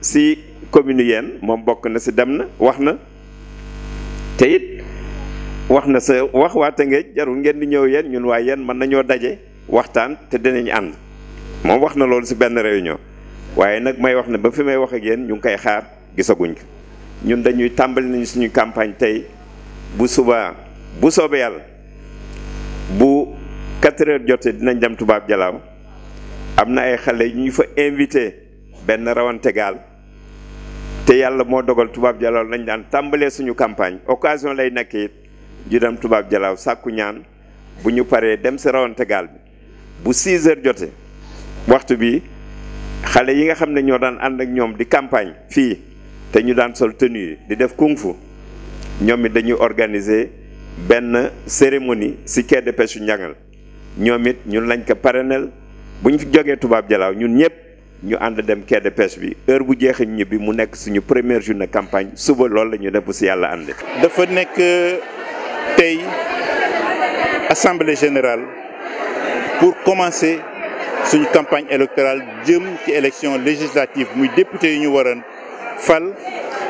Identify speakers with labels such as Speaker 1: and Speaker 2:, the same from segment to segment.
Speaker 1: si commune yeen moom bokk na si dem na wax na te wax na sa wax waa Tëngéej jarul ngeen di ñëw yeen ñun waaye yeen mën nañoo daje waxtaan te dinañ ànd moom wax na loolu si benn réunion waaye nag may wax ne ba fi may wax ak ñu ngi koy xaar gisaguñ ko ñun dañuy tàmbali nañu suñu campagne tey bu suba bu soobee yàlla bu 4 heures jotee dinañ dem tubaab jalaaw am na ay xale ñu fa invité. ben rawante gaal te yalla mo dogal tubab jalaaw lañ daan tambalé suñu campagne occasion lay nekk it ju dem tubab jalaaw sakku ñaan buñu paré dem ci rawante gaal bi bu 6 h jotee waxtu bi xalé yi nga xamné ño ñoo daan ànd ak ñom di campagne fi té ñu daan sol tenue di def kung fu ñoom it dañuy organiser ben cérémonie ci quai de pêche ñangal Njangal ñoom ñun lañ ko parénel bu ñu fi jógee tubaab jalaaw ñun ñepp ñu ànd dem quai de pêche bi heure bu ñu bi mu nekk suñu première journée campagne suba loolu la ñu def si yàlla ànd. dafa nekk tey assemblée générale pour commencer
Speaker 2: suñu campagne électorale jëm ci élection législative muy député yi ñu waroon fal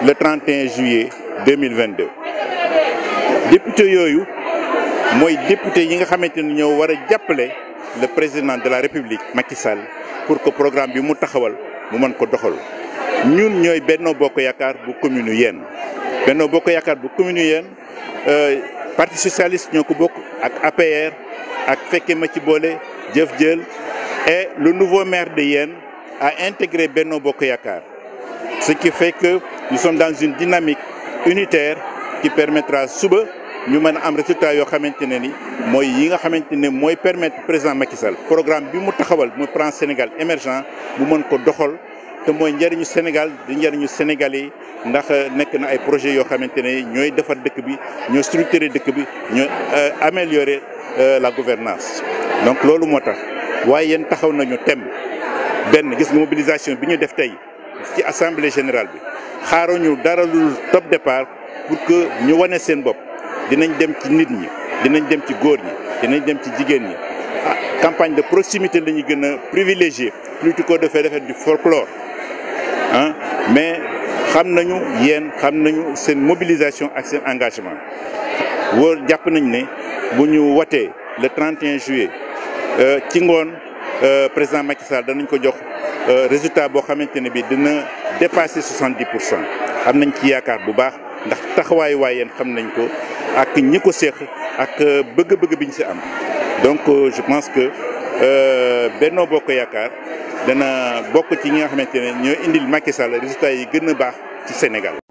Speaker 2: le 31 juillet 2022 député yooyu mooy député yi nga xamante ni ñoo war a jàppale le président de la république Macky Sall pour que le programme bi mu taxawal mu Nous, ko doxal ñun ñoy Benno Bokk yakar bu commune de Benno Bokk yakar bu commune euh, parti socialiste avec bokk ak APR ak fekke ma ci Djell et le nouveau maire de Yen a intégré Benno Bokk ce qui fait que nous sommes dans une dynamique unitaire qui permettra Soube ñu mën am résultat yoo xamante ne ni mooy yi nga xamante ne mooy permettre président Macky Sall programme bi mu taxawal muy plan Sénégal émergent mu mën ko doxal te mooy njëriñu Sénégal di njëriñu Sénégalais ndax euh, nekk na ay projet yoo xamante ne ñooy defar dëkk bi ñooy structurer dëkk bi ñooy euh, améliorer euh, la gouvernance donc loolu moo tax waaye yéen taxaw nañu tem benn gis nga mobilisation bi ñu def tey ci assemblée générale bi xaaruñu dara lu top départ pour que ñu wane seen bopp dinañ dem ci nit ñi dinañ dem ci góor ñi dinañ dem ci jigéen ñi ah, campagne de proximité est privilégiée, gën plutôt que de faire du folklore hein mais nous nañu yéen xam nañu mobilisation ak seen engagement wóor jàpp nañ ne le 31 juillet euh, ci euh, président Macky Sall danañ ko jox euh, résultat boo xamante ne bi dina dépasser 70 pour cent am nañ ci yaakaar bu baax ndax taxaway wayen xamnañ ko ak ñiko ko ak euh, bëgg-bëgg biñ ci am donc euh, je pense que euh, Benno Bokk Yaakaar dana bokk ci ñi nga xamantene ne ñoo indil Macky Sall résultat yi gën baax ci Sénégal.